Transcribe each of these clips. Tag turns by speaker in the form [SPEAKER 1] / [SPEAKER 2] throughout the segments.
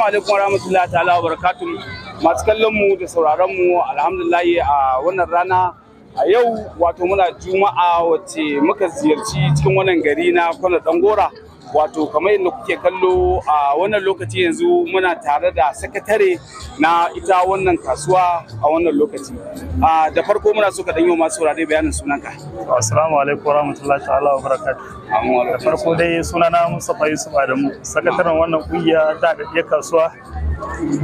[SPEAKER 1] Assalamu alaikum warahmatullahi ta'ala wa barakatuh. Masu kallon mu da sauraron mu alhamdulillahi a wannan rana a yau wato muna juma'a wacce muka ziyarci cikin wannan gari na Kwana Dangora wato kamar yadda kuke kallo a wannan lokaci yanzu muna tare da sakatare na ita wannan kasuwa a wannan lokaci da farko muna so ka danyo masu wurare bayanin sunanka assalamu alaikum warahmatullahi ta'ala wa barakatuh
[SPEAKER 2] da farko dai sunana Mustafa Yusuf Adamu sakataren wannan kungiya ta da kasuwa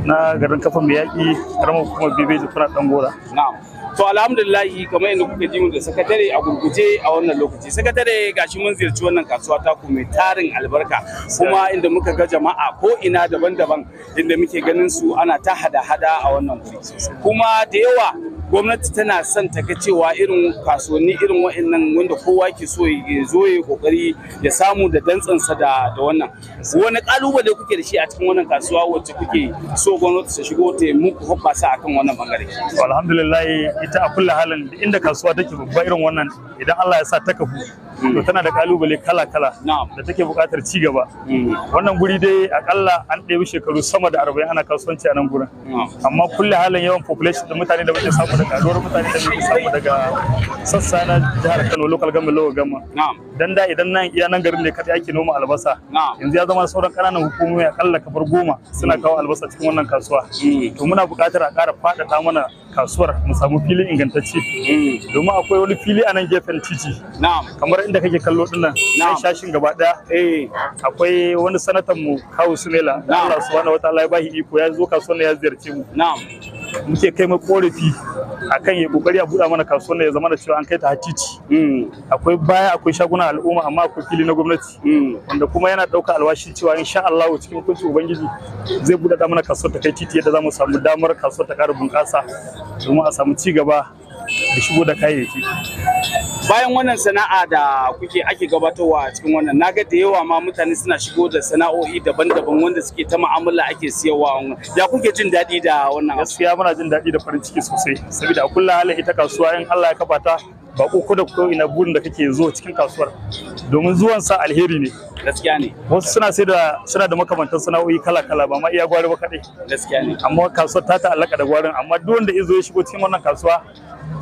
[SPEAKER 2] na garin kafin mai yaƙi karamar hukumar da kuna gora.
[SPEAKER 1] na'am to alhamdulillahi kamar yadda kuka ji mu da sakatare a gurguje a wannan lokaci sakatare gashi mun ziyarci wannan kasuwa ta ku mai tarin albarka kuma inda muka ga jama'a ko ina daban-daban inda muke ganin su ana ta hada-hada a wannan kuma da yawa gwamnati tana son ta ga cewa irin kasuwanni irin wa'annan wanda kowa ke so ya zo ya kokari ya samu da dantsansa da da wannan wani kalubale kuke da shi a cikin wannan kasuwa wacce kuke so gwamnati ta shigo ta muku hobbasa akan wannan bangare alhamdulillah
[SPEAKER 2] ita a kullu halin inda kasuwa take babba irin wannan idan Allah ya sa ta kafu hmm. to tana da kalubale kala kala da take buƙatar ci gaba hmm. wannan guri dai akalla an ɗebi shekaru sama da 40 ana kasuwanci a nan gurin amma kullu halin yawan population da mutane da muke samu saboda karuwar mutane da muke samu daga sassa na jihar Kano local government local gama, dan da idan nan iya nan garin ne kadai ake noma albasa yanzu ya zama sauran kananan hukumomi akalla kafar goma suna kawo albasa cikin wannan kasuwa eh. to muna buƙatar a ƙara faɗaɗa mana kasuwar mu samu fili ingantacce eh. domin akwai wani fili a nan gefen titi kamar inda kake kallo dinnan nan shashin gaba daya eh. akwai wani sanatan mu kawo sumela Allah subhanahu wataala ya bashi iko ya zo kasuwar ya ziyarce mu muke kai mai korafi akan ya kokari a buɗa mana kasuwar ya zama da cewa an kai ta hatici akwai baya akwai shaguna al'umma amma akwai fili na gwamnati wanda kuma yana ɗauka alwashi cewa insha Allah cikin kunci ubangiji zai buɗa mana kasuwar ta kai titi yadda za mu samu damar kasuwar ta ƙara bunƙasa domin a samu ci gaba da shigo da kayayyaki
[SPEAKER 1] bayan wannan sana'a da kuke ake gabatarwa cikin wannan naga da yawa ma mutane suna shigo da sana'o'i daban-daban wanda suke ta mu'amala ake siyarwa ya kuke jin daɗi da wannan gaskiya muna jin daɗi da farin ciki sosai saboda a kullum
[SPEAKER 2] halin ita kasuwa in Allah ya kafa ta ba ko da ko ina burin da kake zo cikin kasuwar domin zuwan sa alheri ne gaskiya ne wasu suna sai da suna da makamantan sana'o'i kala kala ba ma iya gwari ba kadai gaskiya ne amma kasuwar ta ta alaka da gwarin amma duk wanda yazo ya shigo cikin wannan kasuwa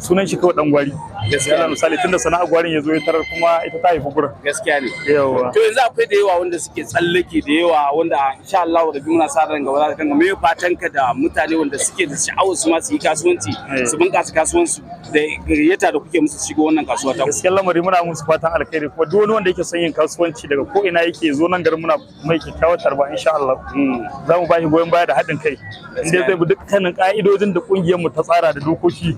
[SPEAKER 2] sunan shi kawai dan gwari gaskiya misali
[SPEAKER 1] tunda sana'a gwarin ya zo ya tarar kuma ita ta haifi gurin gaskiya ne yawa to yanzu akwai da yawa wanda suke tsallake da yawa wanda insha Allah da muna sa ran gaba za ka kanga me fatan ka da mutane wanda suke da sha'awar su ma su yi kasuwanci eh. su bunƙasa kasuwansu da gayyata da kuke musu shigo wannan kasuwa ta gaskiya lamari muna musu fatan alkhairi kuma duk wani wanda yake
[SPEAKER 2] son yin kasuwanci daga ko ina yake zo nan garin muna mai kyakkyawar tarba insha Allah mm. za mu bashi goyon baya da haɗin kai inda zai bi dukkanin ka'idojin da kungiyar mu ta tsara da dokoki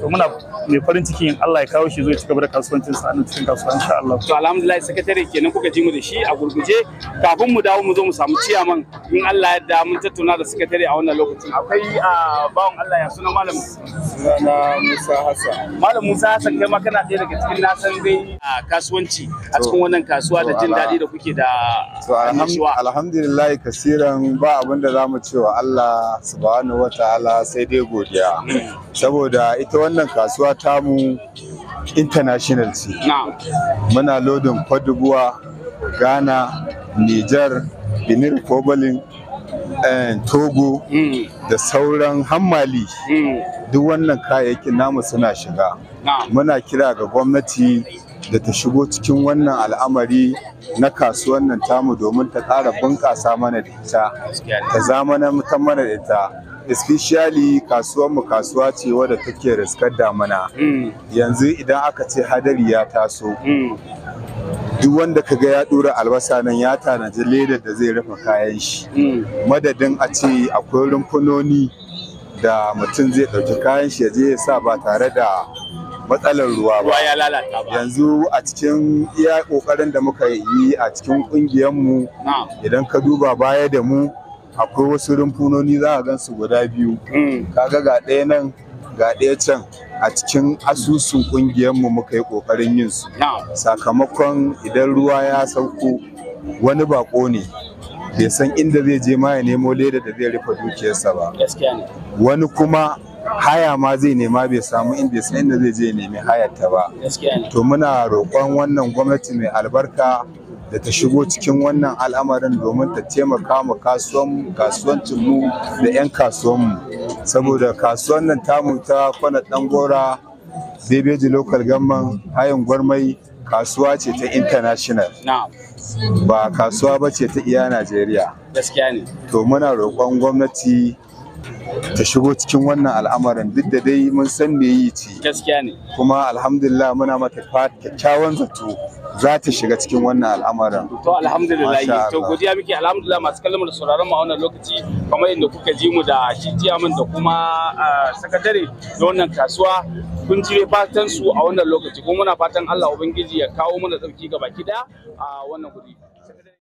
[SPEAKER 2] to muna mai farin ciki in Allah ya kawo shi zo ya ci da kasuwancin sa nan cikin kasuwa insha Allah to
[SPEAKER 1] alhamdulillah sakatare kenan kuka ji mu da shi a gurguje kafin mu dawo mu zo mu samu ciyaman in Allah ya da mun tattauna da sakatare a wannan lokacin akwai a ah, bawon Allah ya suna malam Sunana Musa Hassan. Malam Musa Hassan kai ma kana ɗaya daga cikin nasan dai a ah, kasuwanci a cikin wannan kasuwa da jin daɗi da kuke da
[SPEAKER 3] annashuwa. Alhamdulillah kasiran ba abin da za mu ce wa Allah subhanahu wataala sai dai godiya. Mm. Saboda ita wannan kasuwa tamu international ce. Muna lodin Kwadubuwa, Ghana, Niger, Benin Republic, eh, Togo mm. da sauran hammali. Mm. duk wannan kayayyakin namu suna shiga muna kira ga gwamnati da ta shigo cikin wannan al'amari na kasuwan nan tamu domin ta ƙara bunƙasa mana da ita ta zamana mutan mana da ita especially kasuwar mu kasuwa ce wadda take riskar damana hmm. yanzu idan aka ce hadari ya taso hmm. duk wanda kaga ya dora albasa nan ya tanaji ledar da zai rufe kayan shi hmm. madadin a ce akwai rumfunoni da mutum zai ɗauki kayan shi je ya sa ba tare da matsalar ruwa ba. Yanzu a cikin iya ƙoƙarin da muka yi a cikin ƙungiyarmu idan ka duba baya da mu akwai wasu rumfunoni za a gansu guda biyu. Hmm. Kaga ga ɗaya nan ga ɗaya can a cikin asusun ƙungiyarmu muka yi ƙoƙarin yin su. Sakamakon idan ruwa ya sauko wani baƙo ne bai san inda zai je ma ya nemo leda da zai rufe dukiyarsa ba wani kuma haya ma zai nema bai samu inda ya san inda zai je ya nemi ta ba to muna roƙon wannan gwamnati mai albarka da ta shigo cikin wannan al'amarin domin ta taimaka mu mu da 'yan mu. saboda kasuwan nan tamu ta kwana ɗan gora bebeji local gamman hayan gwarmai kasuwa ce ta international ba kasuwa ba ce ta iya najeriya gaskiya ne to muna roƙon gwamnati ta shigo cikin wannan al'amarin duk da dai mun san me yi ce gaskiya ne kuma alhamdulillah muna mata kyakkyawan zato za ta shiga cikin wannan al'amarin to alhamdulillah to godiya
[SPEAKER 1] muke alhamdulillah masu kallon da sauraron mu a wannan lokaci kamar yadda kuka ji mu da shi jiyamin da kuma sakatare da wannan kasuwa kun jire fatan su a wannan lokaci kuma muna fatan Allah ubangiji ya kawo mana dauki gaba kida a wannan guri